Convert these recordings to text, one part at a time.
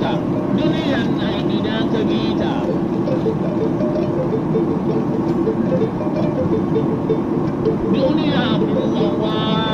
ka duniyan nan idan ka bi ta duniya kun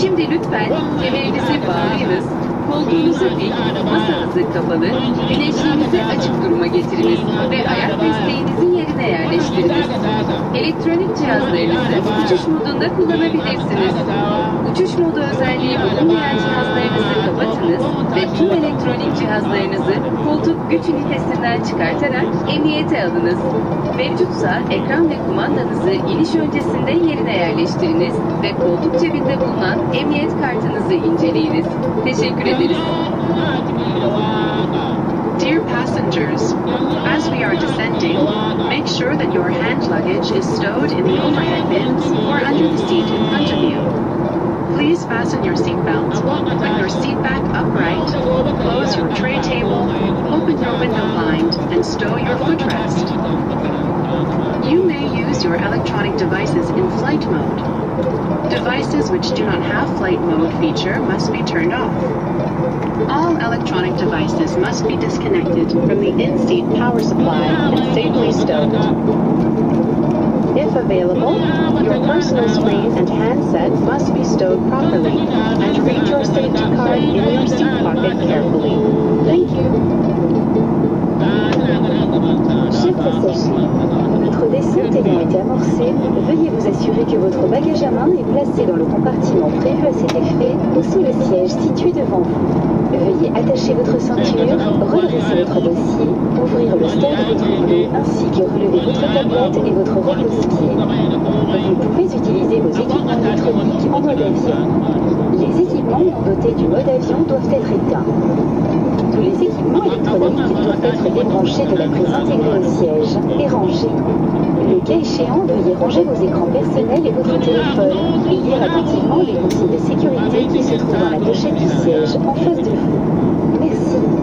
Şimdi lütfen kemerinizi bağlayınız, koltuğunuzu dik, masanızı kapalı, güneşliğinizi açık duruma getiriniz ve ayak desteği'nizin yerine yerleştiriniz. Elektronik cihazlarınızı uçuş modunda kullanabilirsiniz. Uçuş modu özelliği bulunmayan cihazlarınızı kapatınız ve tüm elektronik cihazlarınızı koltuk güç ünitesinden çıkartarak emniyete alınız. Mevcutsa ekran ve kumandanızı iniş öncesinde yerine yerleştiriniz ve koltuk cebinde bulunan emniyet kartınızı inceleyiniz. Teşekkür ederiz. Dear passengers, as we are descending, make sure that your hand luggage is stowed in the overhead bins or under the seat in front of you. Please fasten your seatbelts. Put your seat back upright. Close your tray table. Open your window blind and stow your footrest. You may use your electronic devices in flight mode. Devices which do not have flight mode feature must be turned off. All electronic devices must be disconnected from the in-seat power supply and safely stowed. If available, your personal sleeve and handset must be stowed properly, and read your safety card in your seat pocket carefully. Thank you. Ship descente ayant été amorcée, veuillez vous assurer que votre bagage à main est placé dans le compartiment prévu à cet effet ou sous le siège situé devant vous. Veuillez attacher votre ceinture, redresser votre dossier, ouvrir le stade de votre rouleau ainsi que relever votre tablette et votre repose-pied. Vous pouvez utiliser vos équipements électroniques en mode avion. Les équipements non du mode avion doivent être éteints les équipements électroniques doivent être débranchés de la prise intégrée au siège et rangés. Le cas échéant, veuillez ranger vos écrans personnels et votre téléphone et lire attentivement les consignes de sécurité qui se trouvent dans la pochette du siège en face de vous. Merci.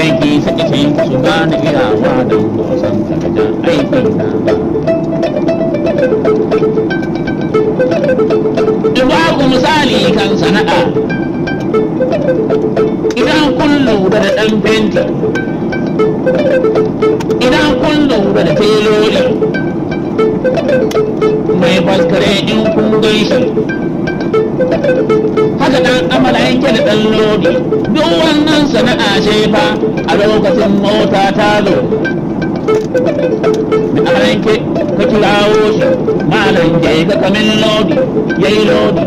aiki sakacin su gane iyawa don kusan sakajen aikin da Ibaku misali kan sana'a idan kun lura da ɗan fenti idan kun lura da teloli mai faskare in kun gaishe haka ɗan amala yanke da ɗan lodi duk wannan sana'a ce fa a lokacin mota ta zo da aranke ka kirawo shi malam ke ka kamin lodi ya yi lodi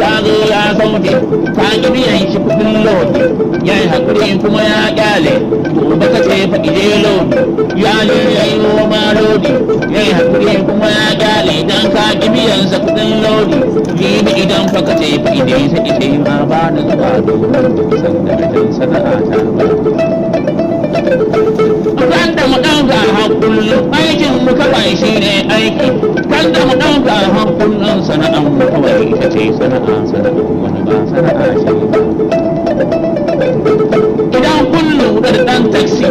ya zo ya sauke ka ki biyan shi kudin lodi ya yi hakuri kuma ya kyale gobe ka ce fa ije lodi ya ne ya yi noma lodi ya yi hakuri kuma ya kyale idan ka ki biyan sa kudin lodi jibi idan fa ka ce fa ije sa ije ma ba da zuwa domin sanda da sana'a ta ba kada mu ɗauka alhan kullum aikin mu kawai shi ne aiki kada mu ɗauka alhan kullum sana'an mu kawai ita ce sana'a sana'an wani ba sana'a ce idan kullum da ɗan taksi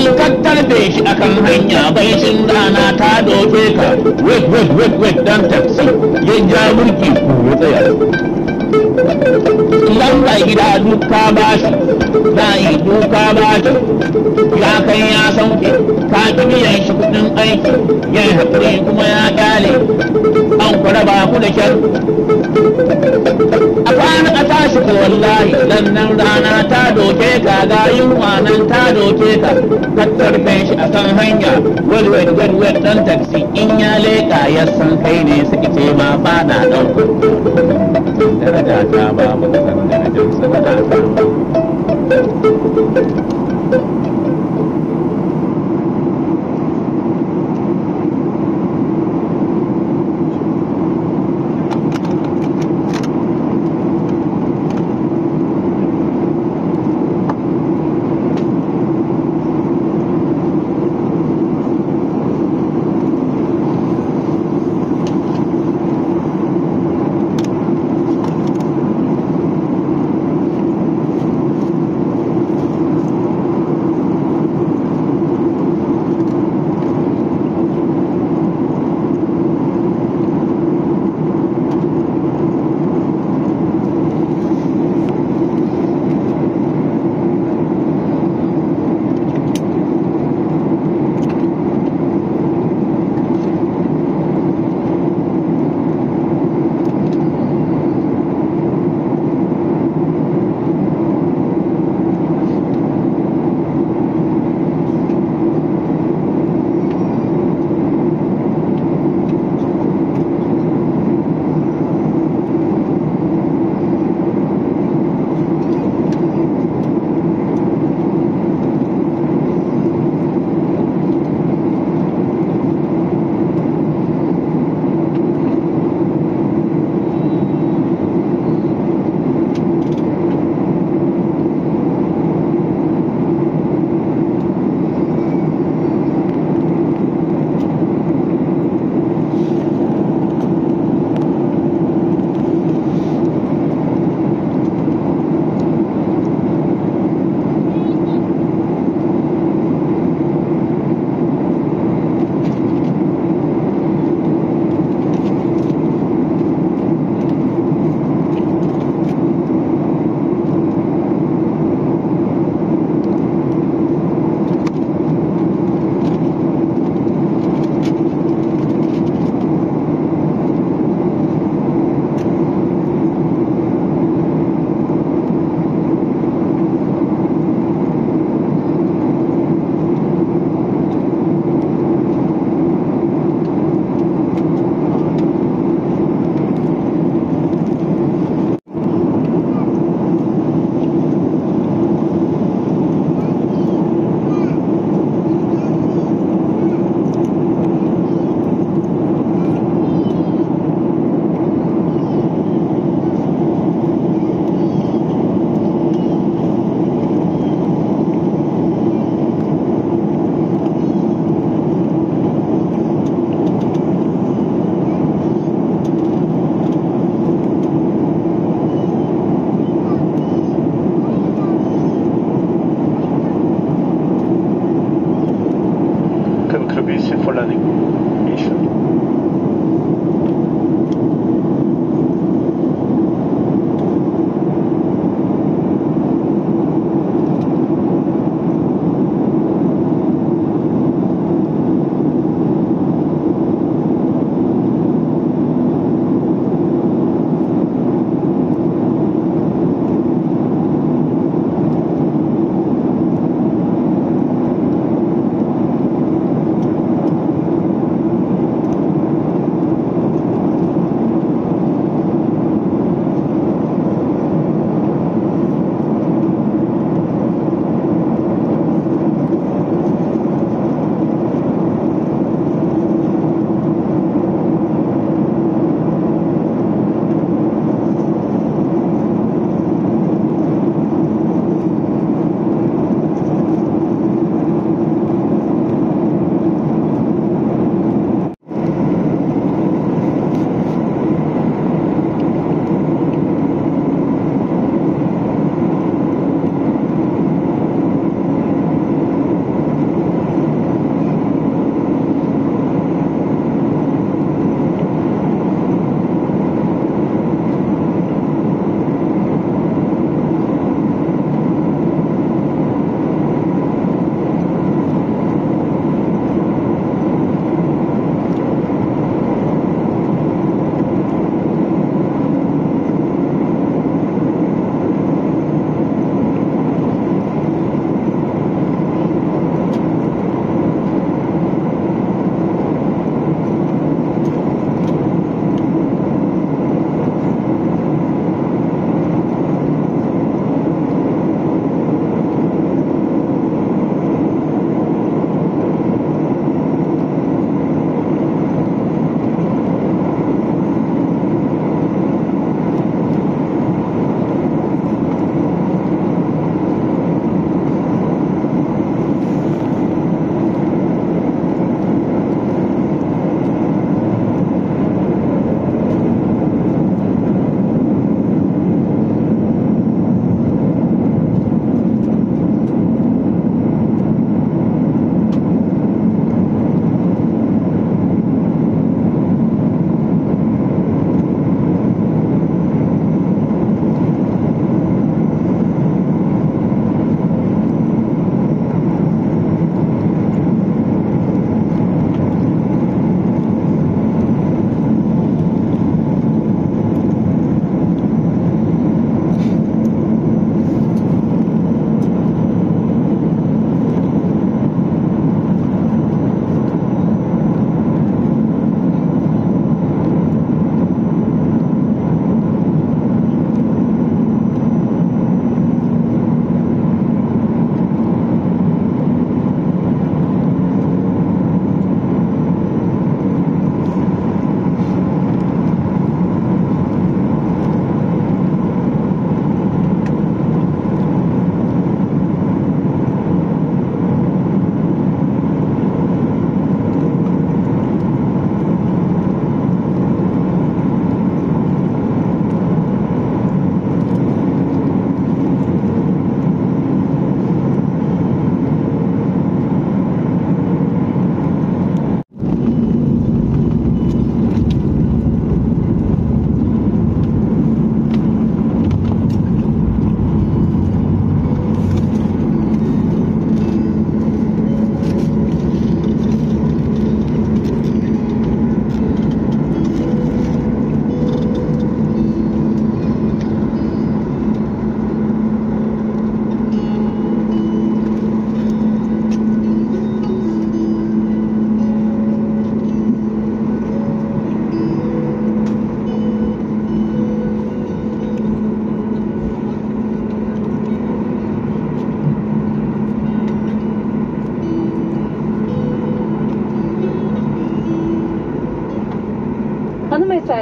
in ka tarbe shi akan hanya bai shin rana ta doke ka wet wet wet wet ɗan taksi ya ja mulki ku ya tsaya lamba gida duk ka bashi za a yi duka ba ta ya kai ya sauke ka ki biyan shi kudin aiki ya yi haƙuri kuma ya kyale an kura ba ku da kyar a kwana a tashi ko wallahi lannan rana ta doke ka ga yunwa nan ta doke ka kai shi a kan hanya walwal gadwal ɗan taksi in ya leƙa ya san kai ne su ce ma ba na ɗauka daraja ta ba mu da jinsu da ta Thank you.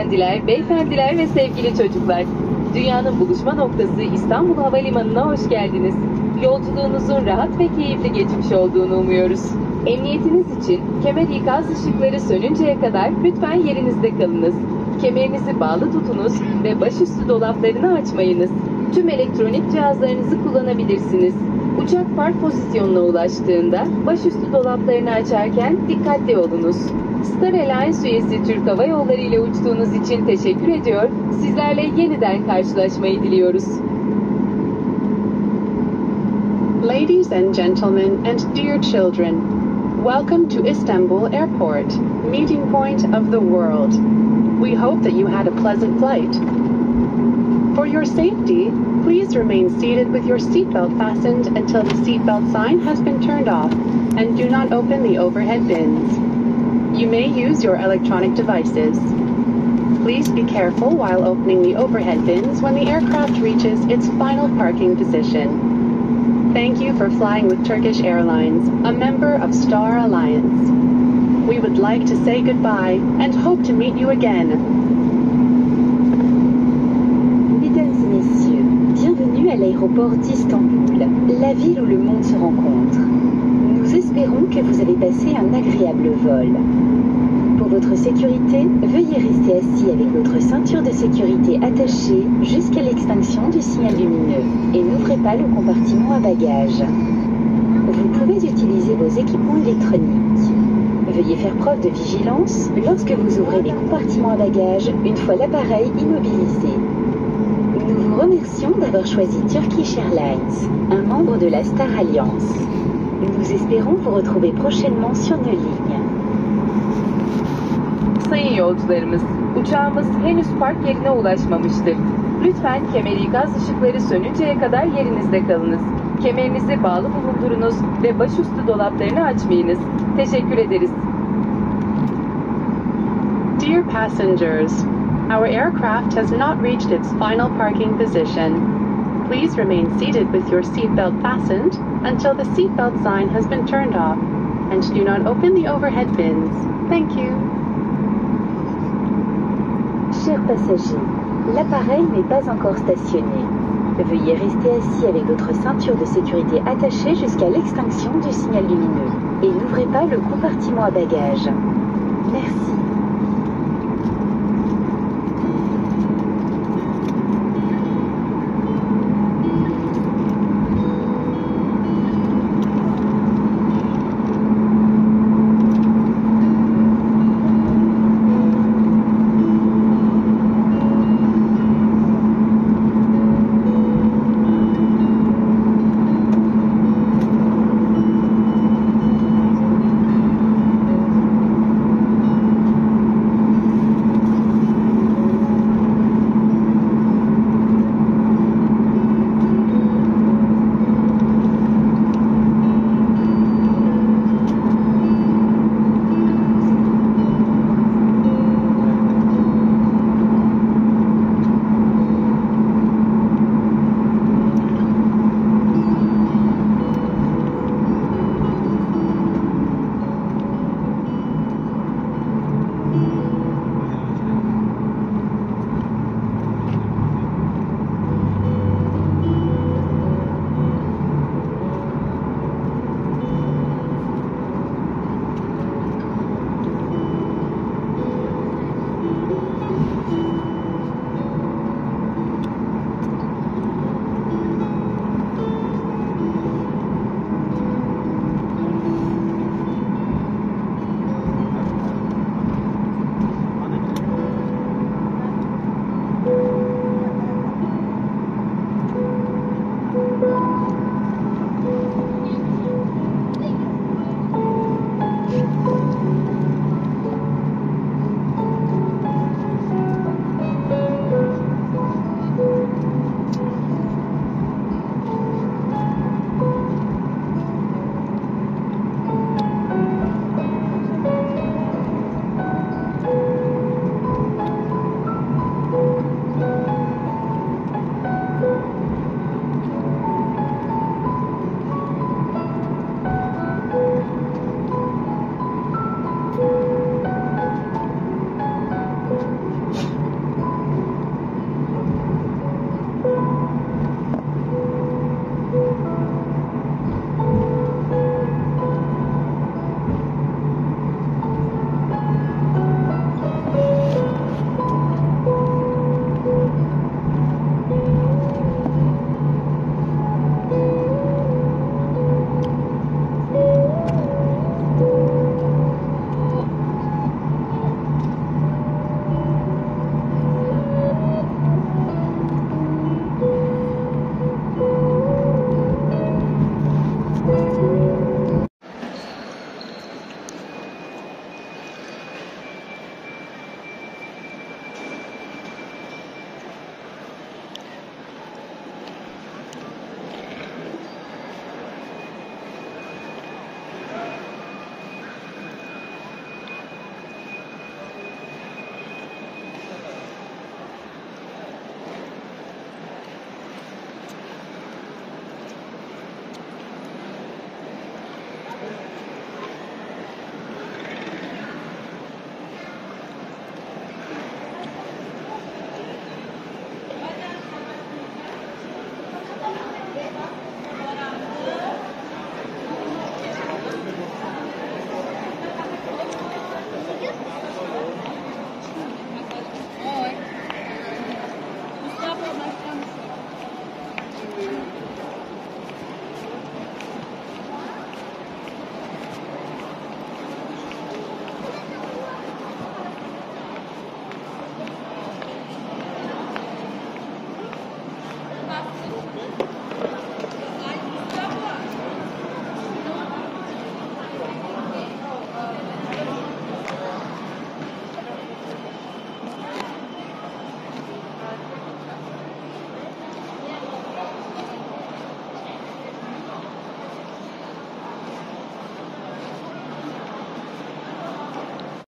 hanımefendiler, beyefendiler ve sevgili çocuklar. Dünyanın buluşma noktası İstanbul Havalimanı'na hoş geldiniz. Yolculuğunuzun rahat ve keyifli geçmiş olduğunu umuyoruz. Emniyetiniz için kemer ikaz ışıkları sönünceye kadar lütfen yerinizde kalınız. Kemerinizi bağlı tutunuz ve başüstü dolaplarını açmayınız. Tüm elektronik cihazlarınızı kullanabilirsiniz. Uçak park pozisyonuna ulaştığında başüstü dolaplarını açarken dikkatli olunuz. Star Alliance üyesi Türk Hava Yolları ile uçtuğunuz için teşekkür ediyor. Sizlerle yeniden karşılaşmayı diliyoruz. Ladies and gentlemen and dear children, welcome to Istanbul Airport, meeting point of the world. We hope that you had a pleasant flight. For your safety, please remain seated with your seatbelt fastened until the seatbelt sign has been turned off, and do not open the overhead bins. You may use your electronic devices. Please be careful while opening the overhead bins when the aircraft reaches its final parking position. Thank you for flying with Turkish Airlines, a member of Star Alliance. We would like to say goodbye and hope to meet you again. Mesdames et messieurs, bienvenue à l'aéroport d'Istanbul, la ville où le monde se rencontre. Nous espérons que vous avez passé un agréable vol. votre sécurité, veuillez rester assis avec votre ceinture de sécurité attachée jusqu'à l'extinction du signal lumineux et n'ouvrez pas le compartiment à bagages. Vous pouvez utiliser vos équipements électroniques. Veuillez faire preuve de vigilance lorsque vous ouvrez les compartiments à bagages une fois l'appareil immobilisé. Nous vous remercions d'avoir choisi Turkish Airlines, un membre de la Star Alliance. Nous espérons vous retrouver prochainement sur nos lignes. Sayın yolcularımız, uçağımız henüz park yerine ulaşmamıştır. Lütfen kemeri gaz ışıkları sönünceye kadar yerinizde kalınız. Kemerinizi bağlı bulundurunuz ve başüstü dolaplarını açmayınız. Teşekkür ederiz. Dear passengers, our aircraft has not reached its final parking position. Please remain seated with your seatbelt fastened until the seatbelt sign has been turned off, and do not open the overhead bins. Thank you. Chers passagers, l'appareil n'est pas encore stationné. Veuillez rester assis avec votre ceinture de sécurité attachée jusqu'à l'extinction du signal lumineux et n'ouvrez pas le compartiment à bagages. Merci.